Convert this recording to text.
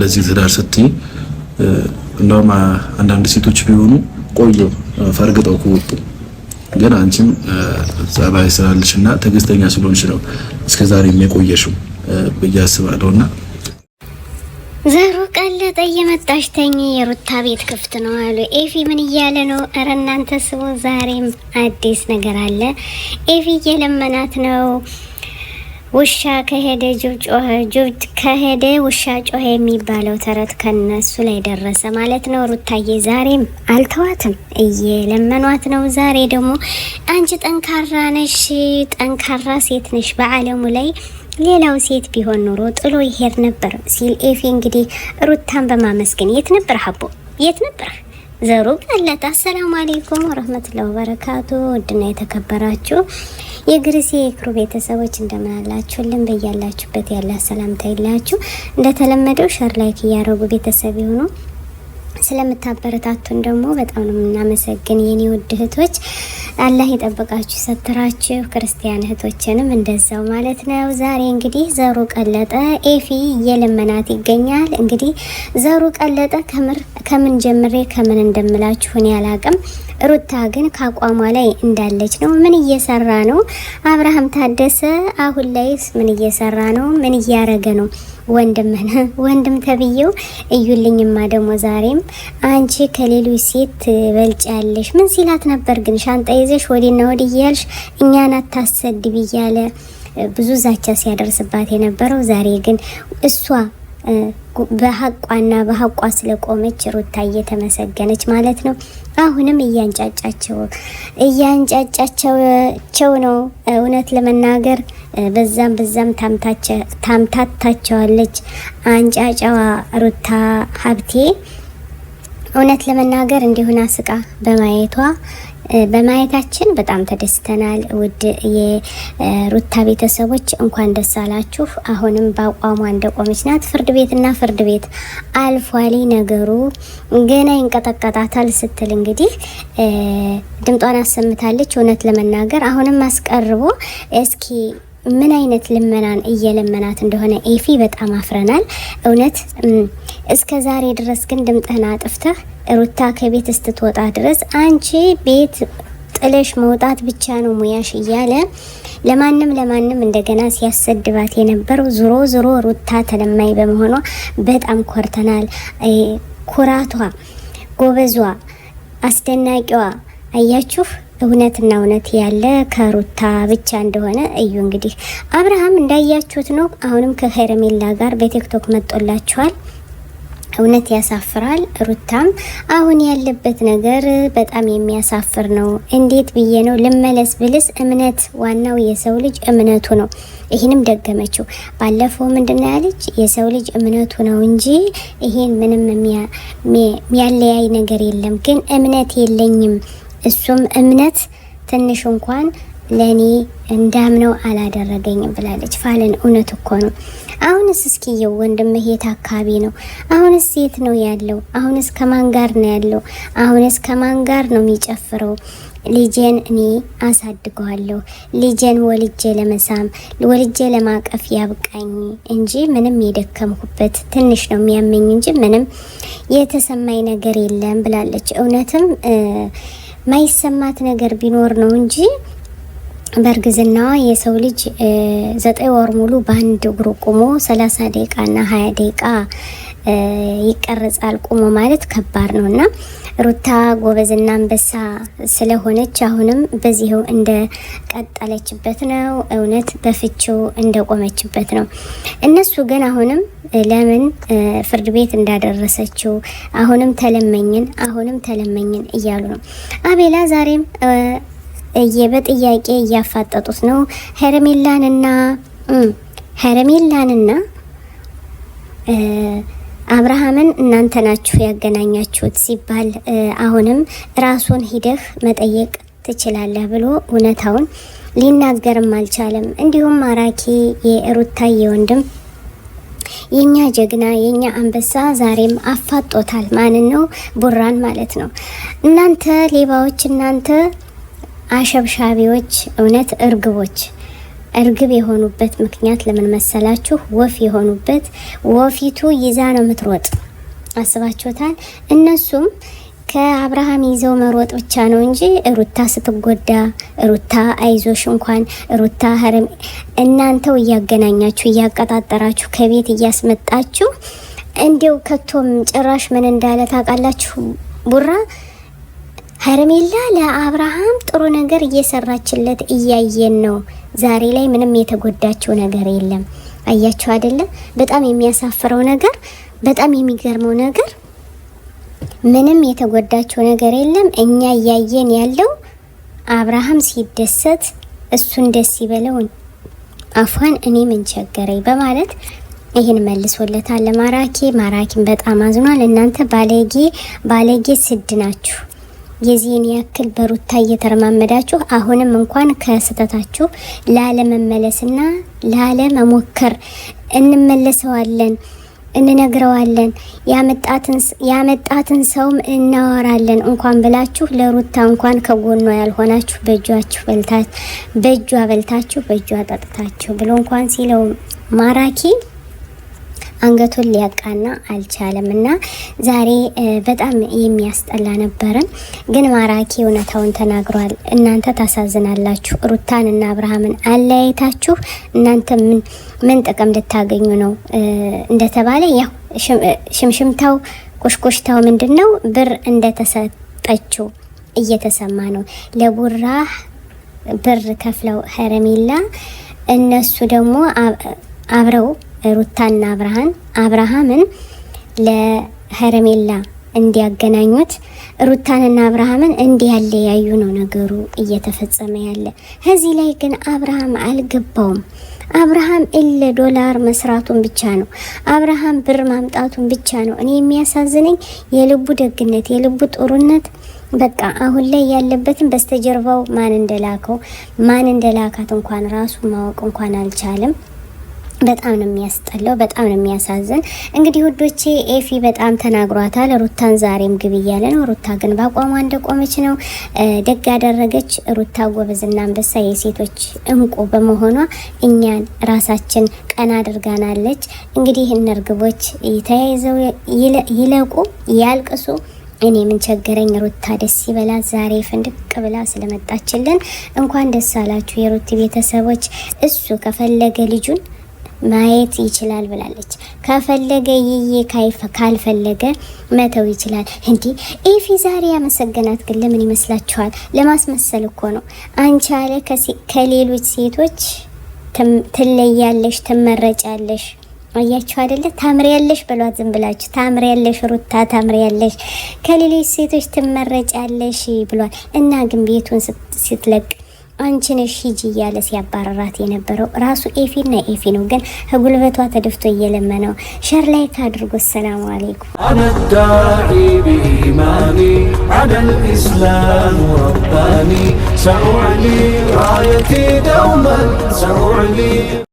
ለዚህ ትዳር ስትይ እንደውም አንዳንድ ሴቶች ቢሆኑ ቆዩ ፈርግጠው ከወጡ ግን አንቺም ጸባይ ስላለሽ እና ትዕግስተኛ ስለሆንሽ ነው እስከዛሬ የቆየሽው ብዬ አስባለሁ። ዘሩ ቀለጠ እየመጣሽ ተኝ የሩታ ቤት ክፍት ነው አሉ። ኤፊ ምን እያለ ነው? እረ እናንተ ስሙ ዛሬም አዲስ ነገር አለ። ኤፊ እየለመናት ነው ውሻ ከሄደ ጅብ ጮኸ፣ ጅብ ከሄደ ውሻ ጮኸ የሚባለው ተረት ከነሱ ላይ ደረሰ ማለት ነው። ሩታዬ ዛሬም አልተዋትም፣ እየለመኗት ነው። ዛሬ ደግሞ አንቺ ጠንካራ ነሽ፣ ጠንካራ ሴት ነሽ በዓለሙ ላይ ሌላው ሴት ቢሆን ኖሮ ጥሎ ይሄድ ነበር ሲል ኤፊ እንግዲህ ሩታን በማመስገን የት ነበር ሀቦ የት ነበር ዘሩ አላት። አሰላሙ አሌይኩም ወረህመቱላሂ ወበረካቱ ውድና የተከበራችሁ የግርሴ የክሩ ቤተሰቦች እንደምን አላችሁልን? በያላችሁበት ያለ ሰላምታ ይላችሁ። እንደተለመደው ሸር ላይክ እያደረጉ ቤተሰብ የሆኑ ስለምታበረታቱን ደግሞ በጣም ነው የምናመሰግን የኔ ውድ እህቶች። አላህ የጠበቃችሁ ሰትራችሁ፣ ክርስቲያን እህቶችንም እንደዛው ማለት ነው። ዛሬ እንግዲህ ዘሩ ቀለጠ ኤፊ እየለመናት ይገኛል። እንግዲህ ዘሩ ቀለጠ ከምር ከምን ጀምሬ ከምን እንደምላችሁ እኔ አላቅም። ሩታ ግን ከአቋሟ ላይ እንዳለች ነው። ምን እየሰራ ነው አብርሃም ታደሰ? አሁን ላይስ ምን እየሰራ ነው? ምን እያረገ ነው? ወንድምህን ወንድም ተብዬው እዩልኝማ ደግሞ ዛሬም አንቺ ከሌሎች ሴት ትበልጫለሽ ምን ሲላት ነበር ግን ሻንጣ ይዘሽ ወዲና ወዲ እያልሽ እኛን አታሰድቢ እያለ ብዙ ዛቻ ሲያደርስባት የነበረው ዛሬ ግን እሷ በሀቋና በሀቋ ስለቆመች ሩታ እየተመሰገነች ማለት ነው። አሁንም እያንጫጫቸው እያንጫጫቸው ነው እውነት ለመናገር በዛም በዛም ታምታታቸዋለች። አንጫጫዋ ሩታ ሀብቴ እውነት ለመናገር እንዲሁን አስቃ በማየቷ በማየታችን በጣም ተደስተናል። ውድ የሩታ ቤተሰቦች እንኳን ደስ አላችሁ። አሁንም በአቋሟ እንደቆመች ናት። ፍርድ ቤትና ፍርድ ቤት አልፏል ነገሩ ገና ይንቀጠቀጣታል ስትል እንግዲህ ድምጧን አሰምታለች። እውነት ለመናገር አሁንም አስቀርቦ እስኪ ምን አይነት ልመናን እየለመናት እንደሆነ ኤፊ በጣም አፍረናል እውነት። እስከ ዛሬ ድረስ ግን ድምጥህን አጥፍተህ ሩታ ከቤት እስትትወጣ ድረስ አንቺ ቤት ጥለሽ መውጣት ብቻ ነው ሙያሽ እያለ ለማንም ለማንም እንደገና ሲያሰድባት የነበረው ዞሮ ዞሮ ሩታ ተለማኝ በመሆኗ በጣም ኮርተናል። ኩራቷ፣ ጎበዟ፣ አስደናቂዋ አያችሁ። እውነትና እውነት ያለ ከሩታ ብቻ እንደሆነ እዩ። እንግዲህ አብርሃም እንዳያችሁት ነው። አሁንም ከሄርሜላ ጋር በቲክቶክ መጦላችኋል። እውነት ያሳፍራል። ሩታም አሁን ያለበት ነገር በጣም የሚያሳፍር ነው። እንዴት ብዬ ነው ልመለስ ብልስ፣ እምነት ዋናው የሰው ልጅ እምነቱ ነው። ይህንም ደገመችው። ባለፈው ምንድን ነው ያለች? የሰው ልጅ እምነቱ ነው እንጂ ይሄን ምንም የሚያለያይ ነገር የለም። ግን እምነት የለኝም እሱም እምነት ትንሽ እንኳን ለእኔ እንዳምነው አላደረገኝም ብላለች። ፋለን እውነት እኮ ነው። አሁንስ እስኪየው ወንድምህ የት አካባቢ ነው? አሁንስ የት ነው ያለው? አሁንስ ከማን ጋር ነው ያለው? አሁንስ ከማን ጋር ነው የሚጨፍረው? ልጄን እኔ አሳድገዋለሁ። ልጄን ወልጄ ለመሳም ወልጄ ለማቀፍ ያብቃኝ እንጂ ምንም የደከምኩበት ትንሽ ነው የሚያመኝ እንጂ ምንም የተሰማኝ ነገር የለም ብላለች። እውነትም ማይሰማት ነገር ቢኖር ነው እንጂ በእርግዝናዋ የሰው ልጅ ዘጠኝ ወር ሙሉ በአንድ እግሩ ቁሞ ሰላሳ ደቂቃ ደቂቃና ሀያ ደቂቃ ይቀረጻል። ቁሞ ማለት ከባድ ነው እና ሩታ ጎበዝና አንበሳ ስለሆነች አሁንም በዚህው እንደ ቀጠለችበት ነው። እውነት በፍቺው እንደቆመችበት ነው። እነሱ ግን አሁንም ለምን ፍርድ ቤት እንዳደረሰችው አሁንም ተለመኝን አሁንም ተለመኝን እያሉ ነው። አቤላ ዛሬም በጥያቄ እያፋጠጡት ነው ሄረሜላንና ሄረሜላንና አብርሃምን እናንተ ናችሁ ያገናኛችሁት ሲባል አሁንም ራሱን ሂደህ መጠየቅ ትችላለህ ብሎ እውነታውን ሊናገርም አልቻለም። እንዲሁም ማራኪ የሩታዬ ወንድም የኛ ጀግና የኛ አንበሳ ዛሬም አፋጦታል። ማንን ነው? ቡራን ማለት ነው። እናንተ ሌባዎች፣ እናንተ አሸብሻቢዎች፣ እውነት እርግቦች እርግብ የሆኑበት ምክንያት ለምን መሰላችሁ? ወፍ የሆኑበት ወፊቱ ይዛ ነው የምትሮጥ። አስባችሁታል? እነሱም ከአብርሃም ይዘው መሮጥ ብቻ ነው እንጂ ሩታ ስትጎዳ፣ ሩታ አይዞሽ እንኳን ሩታ ህርም እናንተው እያገናኛችሁ እያቀጣጠራችሁ ከቤት እያስመጣችሁ እንዲው ከቶም ጭራሽ ምን እንዳለ ታውቃላችሁ ቡራ ሄርሜላ ለአብርሃም ጥሩ ነገር እየሰራችለት እያየን ነው። ዛሬ ላይ ምንም የተጎዳችው ነገር የለም። አያችሁ አይደለም? በጣም የሚያሳፍረው ነገር፣ በጣም የሚገርመው ነገር ምንም የተጎዳችው ነገር የለም። እኛ እያየን ያለው አብርሃም ሲደሰት እሱን ደስ ይበለው፣ አፏን እኔ ምን ቸገረኝ በማለት ይህን መልሶለታል። ለማራኪ ማራኪን በጣም አዝኗል። እናንተ ባለጌ ባለጌ ስድ ናችሁ። የዚህን ያክል በሩታ እየተረማመዳችሁ አሁንም እንኳን ከስህተታችሁ ላለመመለስና ላለመሞከር እንመለሰዋለን እንነግረዋለን ያመጣትን ሰውም እናወራለን እንኳን ብላችሁ ለሩታ እንኳን ከጎኗ ያልሆናችሁ በእጇችሁ በልታ በእጇ በልታችሁ በእጇ ጠጥታችሁ ብሎ እንኳን ሲለው ማራኪ አንገቱን ሊያቃና አልቻለም እና ዛሬ በጣም የሚያስጠላ ነበረን፣ ግን ማራኪ እውነታውን ተናግሯል። እናንተ ታሳዝናላችሁ። ሩታን እና አብርሃምን አለያይታችሁ እናንተ ምን ምን ጥቅም ልታገኙ ነው? እንደተባለ ያው ሽምሽምታው ቁሽቁሽታው ምንድን ነው? ብር እንደተሰጠችው እየተሰማ ነው። ለቡራ ብር ከፍለው ሀረሚላ እነሱ ደግሞ አብረው ሩታና አብርሃን አብርሃምን ለሄርሜላ እንዲያገናኙት ሩታንና አብርሃምን እንዲያለያዩ ነው ነገሩ እየተፈጸመ ያለ። ከዚህ ላይ ግን አብርሃም አልገባውም። አብርሃም እለ ዶላር መስራቱን ብቻ ነው። አብርሃም ብር ማምጣቱን ብቻ ነው። እኔ የሚያሳዝነኝ የልቡ ደግነት፣ የልቡ ጥሩነት በቃ አሁን ላይ ያለበትን በስተጀርባው ማን እንደላከው ማን እንደላካት እንኳን ራሱ ማወቅ እንኳን አልቻለም። በጣም ነው የሚያስጠላው። በጣም ነው የሚያሳዝን። እንግዲህ ውዶቼ ኤፊ በጣም ተናግሯታል። ሩታን ዛሬም ግብ እያለ ነው። ሩታ ግን በአቋሟ እንደቆመች ነው። ደግ ያደረገች ሩታ ጎበዝና አንበሳ የሴቶች እንቁ በመሆኗ እኛን ራሳችን ቀና አድርጋናለች። እንግዲህ እነርግቦች ተያይዘው ይለቁ ያልቅሱ። እኔ ምን ቸገረኝ። ሩታ ደስ ይበላ ዛሬ ፍንድቅ ብላ ስለመጣችልን እንኳን ደስ አላችሁ የሩት ቤተሰቦች። እሱ ከፈለገ ልጁን ማየት ይችላል ብላለች። ከፈለገ ይዬ ካልፈለገ መተው ይችላል። እንዲ ኤፊ ዛሬ ያመሰገናት ግን ለምን ይመስላችኋል? ለማስመሰል እኮ ነው። አንቺ አለ ከሌሎች ሴቶች ትለያለሽ፣ ትመረጫለሽ። አያችሁ አይደለ? ታምሪያለሽ በሏት። ዝም ብላችሁ ታምሪያለሽ፣ ሩታ ታምሪያለሽ፣ ከሌሎች ሴቶች ትመረጫለሽ ብሏል። እና ግን ቤቱን ስትለቅ አንቺ ነሽ ሂጂ እያለ ሲያባረራት የነበረው ራሱ ኤፊ ና ኤፊ ነው። ግን ጉልበቷ ተደፍቶ እየለመነው ሸር ላይ ካድርጎ ሰላሙ አሌይኩም አነዳዒ ብኢማኒ አለል ኢስላም ረባኒ ሰዑሊ ራየቲ ደውመን ሰዑሊ